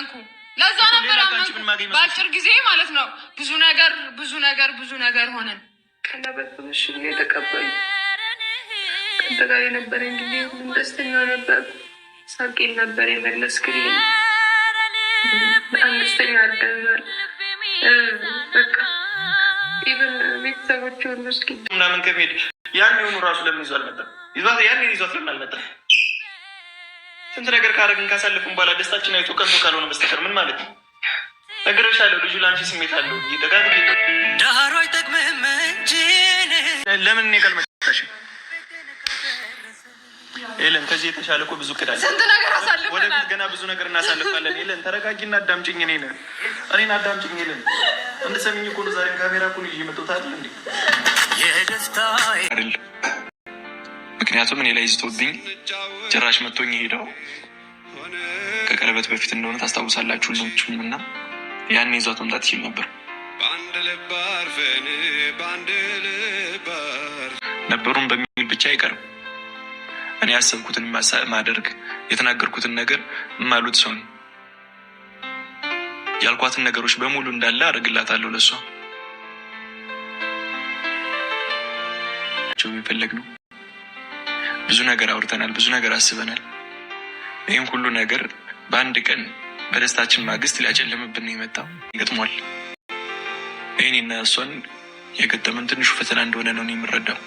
አመንኩ። ለዛ ነበር አመንኩ። በአጭር ጊዜ ማለት ነው ብዙ ነገር ብዙ ነገር ብዙ ነገር ሆነን ከነበርሽ ጊዜ ተቀበሉ። ከአንተ ጋር የነበረኝ ጊዜ ሁሉም ደስተኛ ነበር። ሳቄን ነበር የመለስክልኝ። በጣም ደስተኛ አደርጋል። በቃ ኢቨን ቤተሰቦች ሁሉ እስኪ ምናምን ከሚሄድ ያን የሆኑ ራሱ ለምን ይዞ አልመጣም? ይዟት ያን ይዟት ለምን አልመጣም? ስንት ነገር ካደረግን ካሳለፍን በኋላ ደስታችን አይቶ ከንቱ ካልሆነ በስተቀር ምን ማለት ነው? ነግሬሻለሁ። ልጁ ለአንቺ ስሜት አለው። ደጋግ ዳሮ አይጠቅምህም እንጂ ለምን እኔ ቀልመሽ የለም ከዚህ የተሻለ እኮ ብዙ ቅዳል ስንት ነገር አሳልፈናል። ወደፊት ገና ብዙ ነገር እናሳልፋለን። የለን ተረጋጊና አዳምጭኝ። እኔ ነህ እኔን አዳምጭኝ። የለን እንደሰሚኝ እኮ ነው ዛሬ ካሜራ እኮ ነው ይዤ መጥቶታል እንዴ የደስታ አይደል ምክንያቱም እኔ ላይ ዝቶብኝ ጭራሽ መቶኝ ሄደው ከቀለበት በፊት እንደሆነ ታስታውሳላችሁ ልችም እና ያን ይዟት መምጣት ይችል ነበር ነበሩን በሚል ብቻ አይቀርም። እኔ ያሰብኩትን ማደርግ የተናገርኩትን ነገር እማሉት ሰው ነው። ያልኳትን ነገሮች በሙሉ እንዳለ አደርግላታለሁ ለሷ የሚፈለግ ነው። ብዙ ነገር አውርተናል፣ ብዙ ነገር አስበናል። ይህም ሁሉ ነገር በአንድ ቀን በደስታችን ማግስት ሊያጨልምብን ነው የመጣው። ይህን እኔና እሷን የገጠመን ትንሹ ፈተና እንደሆነ ነው የምረዳው።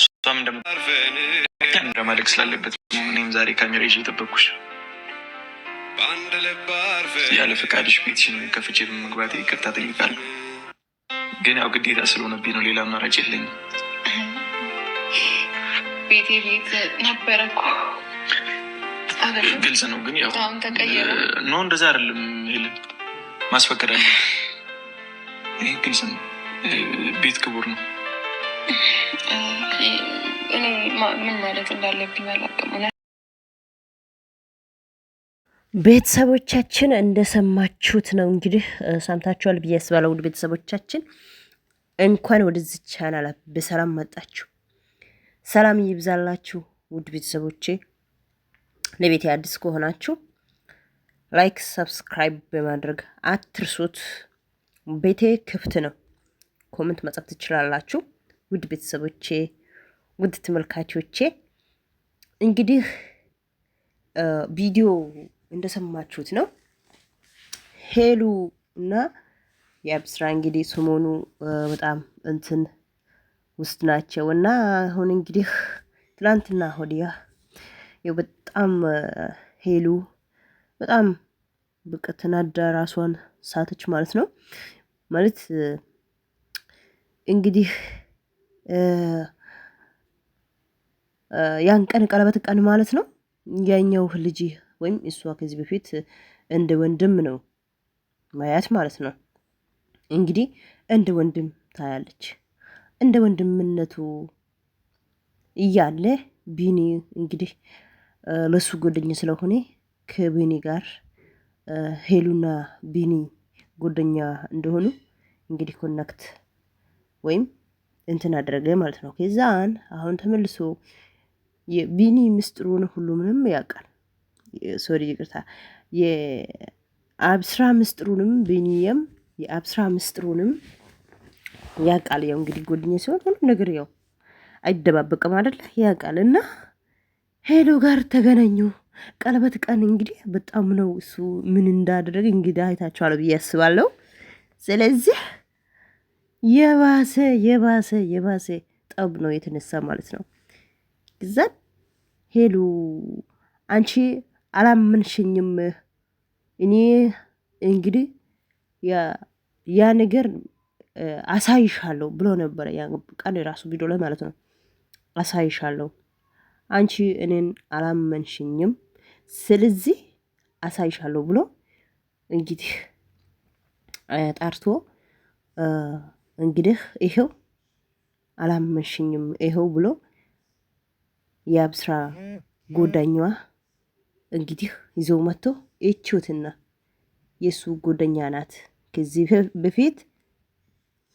እሷም እንደማለቅ ስላለበት እኔም ዛሬ ካሜራ ይዤ የጠበቅኩሽ ያለ ፈቃድሽ ቤትሽን ከፍቼ በመግባቴ ይቅርታ ጠይቃለሁ። ግን ያው ግዴታ ስለሆነብኝ ነው። ሌላ አማራጭ የለኝም። ቤቴ ቤት ነበረ እኮ ግልጽ ነው። ግን ያው ኖ እንደዛ አይደለም። ሄለን ማስፈቀድ አለ። ይህ ግልጽ ነው። ቤት ክቡር ነው። እኔ ምን ማለት እንዳለብኝ አላውቅም። ቤተሰቦቻችን እንደሰማችሁት ነው እንግዲህ ሰምታችኋል ብዬ አስባለሁ። ውድ ቤተሰቦቻችን እንኳን ወደዚህ ቻናል በሰላም መጣችሁ። ሰላም ይብዛላችሁ ውድ ቤተሰቦቼ። ለቤት አዲስ ከሆናችሁ ላይክ፣ ሰብስክራይብ በማድረግ አትርሱት። ቤቴ ክፍት ነው፣ ኮመንት መጻፍ ትችላላችሁ። ውድ ቤተሰቦቼ፣ ውድ ተመልካቾቼ እንግዲህ ቪዲዮ እንደሰማችሁት ነው። ሄሉ እና የአብስራ እንግዲህ ሰሞኑ በጣም እንትን ውስጥ ናቸው እና አሁን እንግዲህ ትላንትና ሆዲያ ያው በጣም ሄሉ በጣም ብቅ ተናዳ ራሷን ሳተች ማለት ነው። ማለት እንግዲህ ያን ቀን ቀለበት ቀን ማለት ነው ያኛው ልጅ ወይም እሷ ከዚህ በፊት እንደ ወንድም ነው ማያት ማለት ነው። እንግዲህ እንደ ወንድም ታያለች። እንደ ወንድምነቱ እያለ ቢኒ እንግዲህ ለሱ ጎደኛ ስለሆነ ከቢኒ ጋር ሄሉና ቢኒ ጎደኛ እንደሆኑ እንግዲህ ኮነክት ወይም እንትን አደረገ ማለት ነው። ከዛን አሁን ተመልሶ የቢኒ ምስጢሩን ሁሉ ምንም ያውቃል። ሶሪ ይቅርታ፣ የአብስራ ምስጥሩንም ብንየም የአብስራ ምስጥሩንም ያውቃል። ያው እንግዲህ ጎድኝ ሲሆን ሁሉም ነገር ያው አይደባበቅም አይደለ? ያውቃል እና ሄሎ ጋር ተገናኙ። ቀለበት ቀን እንግዲህ በጣም ነው እሱ ምን እንዳደረግ እንግዲህ አይታችኋል ብዬ አስባለሁ። ስለዚህ የባሰ የባሰ የባሰ ጠብ ነው የተነሳ ማለት ነው። ግዛት ሄሉ አንቺ አላመንሽኝም። እኔ እንግዲህ ያ ነገር አሳይሻለሁ ብሎ ነበረ። ያ ቀን የራሱ ቪዲዮ ላይ ማለት ነው። አሳይሻለሁ፣ አንቺ እኔን አላመንሽኝም፣ ስለዚህ አሳይሻለሁ ብሎ እንግዲህ ጣርቶ እንግዲህ ይሄው አላመንሽኝም፣ ይሄው ብሎ የአብስራ ጎዳኛዋ እንግዲህ ይዘው መጥቶ እችትና የእሱ ጎደኛ ናት። ከዚህ በፊት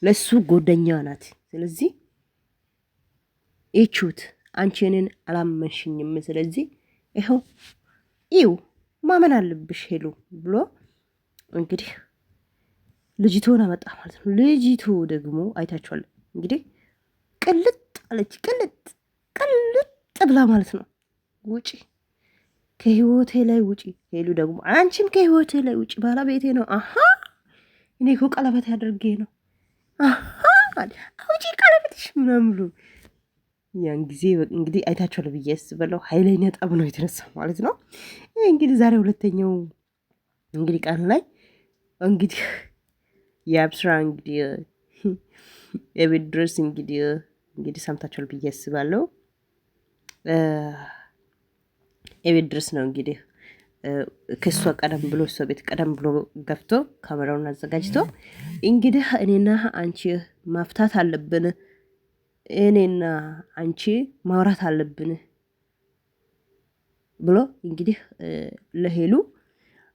ለሱ ጎደኛ ናት። ስለዚህ እችት አንቺንን አላመንሽኝም። ስለዚህ ይኸው ይው ማመን አለብሽ ሄሉ ብሎ እንግዲህ ልጅቶን አመጣ ማለት ነው። ልጅቶ ደግሞ አይታችኋል እንግዲህ ቅልጥ አለች፣ ቅልጥ ቅልጥ ብላ ማለት ነው ውጪ ከህይወቴ ላይ ውጪ። ሄሉ ደግሞ አንቺም ከህይወቴ ላይ ውጪ፣ ባለቤቴ ነው። አሀ እኔ እኮ ቀለበት ያደርጌ ነው። አውጪ ቀለበትሽ ምናምሉ። ያን ጊዜ እንግዲህ አይታችኋል ብዬ አስባለሁ። ኃይለኛ ጠብ ነው የተነሳ ማለት ነው። ይህ እንግዲህ ዛሬ ሁለተኛው እንግዲህ ቀን ላይ እንግዲህ የአብስራ እንግዲህ የቤት ድረስ እንግዲህ እንግዲህ ሰምታችኋል ብዬ አስባለሁ። የቤት ድረስ ነው እንግዲህ ከሷ ቀደም ብሎ እሷ ቤት ቀደም ብሎ ገብቶ ካሜራውን አዘጋጅቶ እንግዲህ እኔና አንቺ ማፍታት አለብን፣ እኔና አንቺ ማውራት አለብን ብሎ እንግዲህ ለሄሉ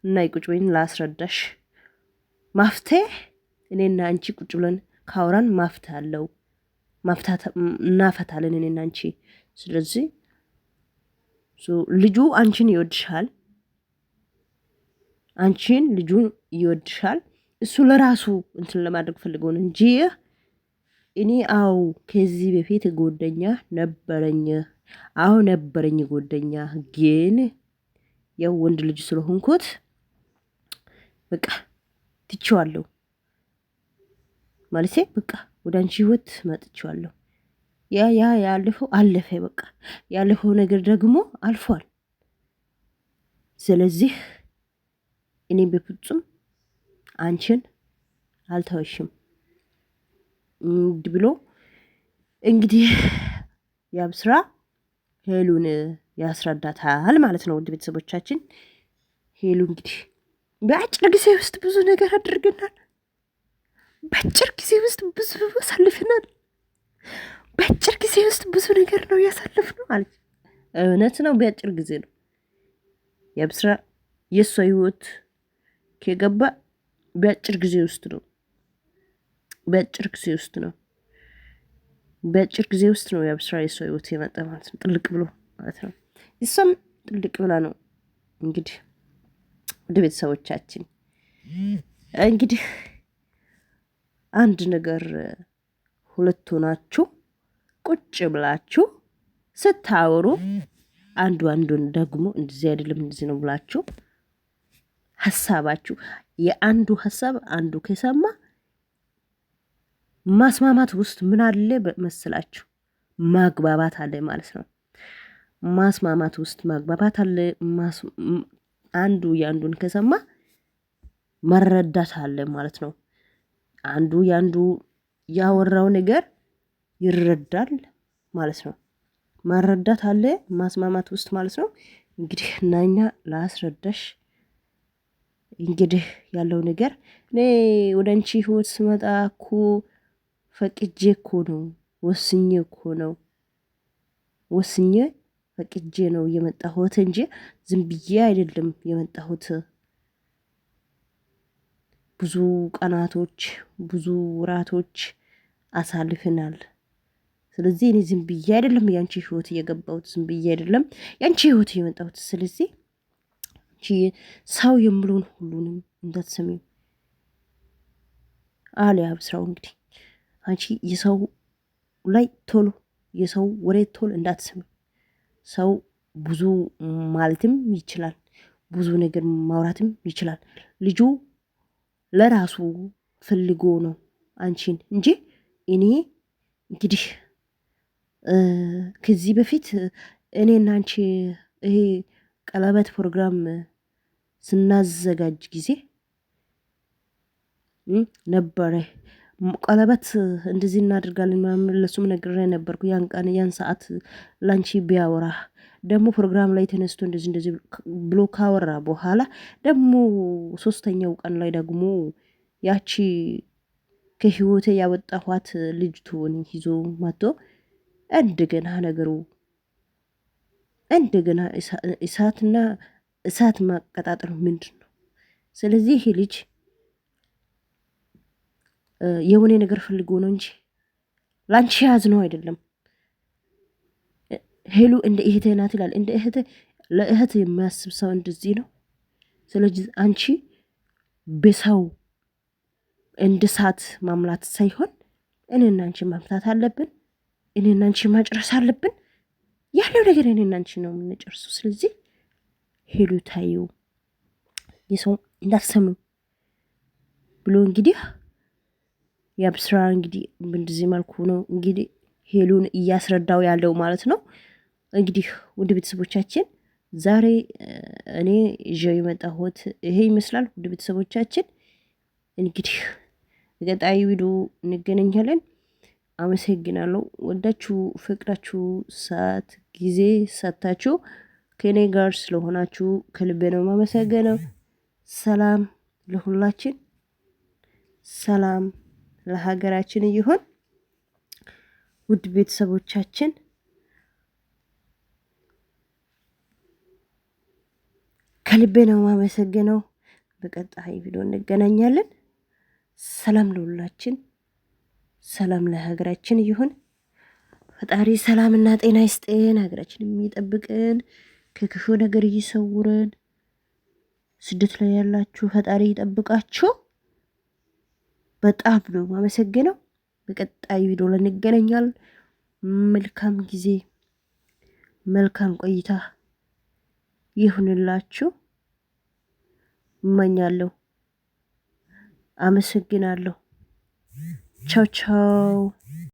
እና ቁጭ ብለን ላስረዳሽ ማፍትሄ እኔና አንቺ ቁጭ ብለን ካውራን ማፍት አለው ማፍታት እናፈታለን እኔና አንቺ ስለዚህ ልጁ አንቺን ይወድሻል። አንቺን ልጁን ይወድሻል። እሱ ለራሱ እንትን ለማድረግ ፈልገውን እንጂ እኔ አው ከዚህ በፊት ጎደኛ ነበረኝ። አው ነበረኝ ጎደኛ፣ ግን ያው ወንድ ልጅ ስለሆንኩት በቃ ትቼዋለሁ። ማለቴ በቃ ወደ አንቺ ህይወት መጥቼዋለሁ። ያ ያ ያለፈው አለፈ። በቃ ያለፈው ነገር ደግሞ አልፏል። ስለዚህ እኔ በፍጹም አንቺን አልተወሽም ብሎ እንግዲህ ያብ ስራ ሄሉን ያስረዳታል ማለት ነው። ውድ ቤተሰቦቻችን ሄሉ እንግዲህ በአጭር ጊዜ ውስጥ ብዙ ነገር አድርገናል። በአጭር ጊዜ ውስጥ ብዙ አሳልፈናል። በአጭር ጊዜ ውስጥ ብዙ ነገር ነው ነው አለች። እውነት ነው፣ በአጭር ጊዜ ነው የብስራ የእሷ ህይወት ከገባ በአጭር ጊዜ ውስጥ ነው። በአጭር ጊዜ ውስጥ ነው። በአጭር ጊዜ ውስጥ ነው የብስራ የእሷ ህይወት የመጣ ማለት ነው። ጥልቅ ብሎ ማለት ነው። እሷም ጥልቅ ብላ ነው እንግዲህ ወደ ቤተሰቦቻችን እንግዲህ አንድ ነገር ሁለት ሆናችሁ ቁጭ ብላችሁ ስታወሩ አንዱ አንዱን ደግሞ እንደዚህ አይደለም እንደዚህ ነው ብላችሁ ሀሳባችሁ የአንዱ ሀሳብ አንዱ ከሰማ ማስማማት ውስጥ ምን አለ መሰላችሁ? ማግባባት አለ ማለት ነው። ማስማማት ውስጥ ማግባባት አለ። አንዱ የአንዱን ከሰማ መረዳት አለ ማለት ነው። አንዱ የአንዱ ያወራው ነገር ይረዳል ማለት ነው። ማረዳት አለ ማስማማት ውስጥ ማለት ነው። እንግዲህ እናኛ ላስረዳሽ እንግዲህ ያለው ነገር እኔ ወደ አንቺ ህይወት ስመጣ እኮ ፈቅጄ እኮ ነው ወስኜ እኮ ነው ወስኜ ፈቅጄ ነው የመጣሁት እንጂ ዝም ብዬ አይደለም የመጣሁት። ብዙ ቀናቶች ብዙ ውራቶች አሳልፈናል። ስለዚህ እኔ ዝም ብዬ አይደለም ያንቺ ህይወት እየገባሁት፣ ዝም ብዬ አይደለም ያንቺ ህይወት እየመጣሁት። ስለዚህ ሰው የምለውን ሁሉንም እንዳትሰሚው አለ ያብስራው። እንግዲህ አንቺ የሰው ላይ ቶሎ የሰው ወሬ ቶሎ እንዳትሰሚ። ሰው ብዙ ማለትም ይችላል፣ ብዙ ነገር ማውራትም ይችላል። ልጁ ለራሱ ፈልጎ ነው አንቺን እንጂ እኔ እንግዲህ ከዚህ በፊት እኔና አንቺ ይሄ ቀለበት ፕሮግራም ስናዘጋጅ ጊዜ ነበረ ቀለበት እንደዚህ እናደርጋለን ምናምን ለሱም ነግሬ ነበርኩ። ያን ቀን ያን ሰዓት ላንቺ ቢያወራ ደግሞ ፕሮግራም ላይ ተነስቶ እንደዚህ እንደዚህ ብሎ ካወራ በኋላ ደግሞ ሶስተኛው ቀን ላይ ደግሞ ያቺ ከህይወቴ ያወጣኋት ልጅቱን ይዞ መጥቶ እንደገና ነገሩ እንደገና እሳትና እሳት ማቀጣጠሉ ምንድን ነው? ስለዚህ ልጅ የሆነ ነገር ፈልጎ ነው እንጂ ላንቺ ያዝ ነው አይደለም። ሄሉ እንደ እህቴ ናት ይላል። እንደ እህቴ ለእህት የሚያስብ ሰው እንደዚህ ነው። ስለዚህ አንቺ በሰው እንደ እሳት ማምላት ሳይሆን እኔና አንቺ ማምታት አለብን። እኔ አንቺ ማጨረስ አለብን። ያለው ነገር እኔ አንቺ ነው የምንጨርሱ። ስለዚህ ሄሉ ታዩ የሰው እንዳሰሙ ብሎ እንግዲህ የአብስራ እንግዲህ በዚህ መልኩ ነው እንግዲህ ሄሉን እያስረዳው ያለው ማለት ነው። እንግዲህ ውድ ቤተሰቦቻችን ዛሬ እኔ ይዤው የመጣሁት ይሄ ይመስላል። ውድ ቤተሰቦቻችን እንግዲህ ቀጣይ ቪዲዮ እንገናኛለን። አመሰግናለሁ። ወዳችሁ ፍቅራችሁ ሰዓት ጊዜ ሰጥታችሁ ከእኔ ጋር ስለሆናችሁ ከልቤ ነው የማመሰግነው። ሰላም ለሁላችን ሰላም ለሀገራችን ይሁን። ውድ ቤተሰቦቻችን ከልቤ ነው የማመሰግነው። በቀጣይ ቪዲዮ እንገናኛለን። ሰላም ለሁላችን። ሰላም ለሀገራችን ይሁን። ፈጣሪ ሰላምና ጤና ይስጠን። ሀገራችን የሚጠብቅን ከክፉ ነገር እየሰውረን። ስደት ላይ ያላችሁ ፈጣሪ ይጠብቃችሁ። በጣም ነው ማመሰግነው። በቀጣይ ቪዲዮ እንገናኛል። መልካም ጊዜ፣ መልካም ቆይታ ይሁንላችሁ እመኛለሁ። አመሰግናለሁ። Cho Cho.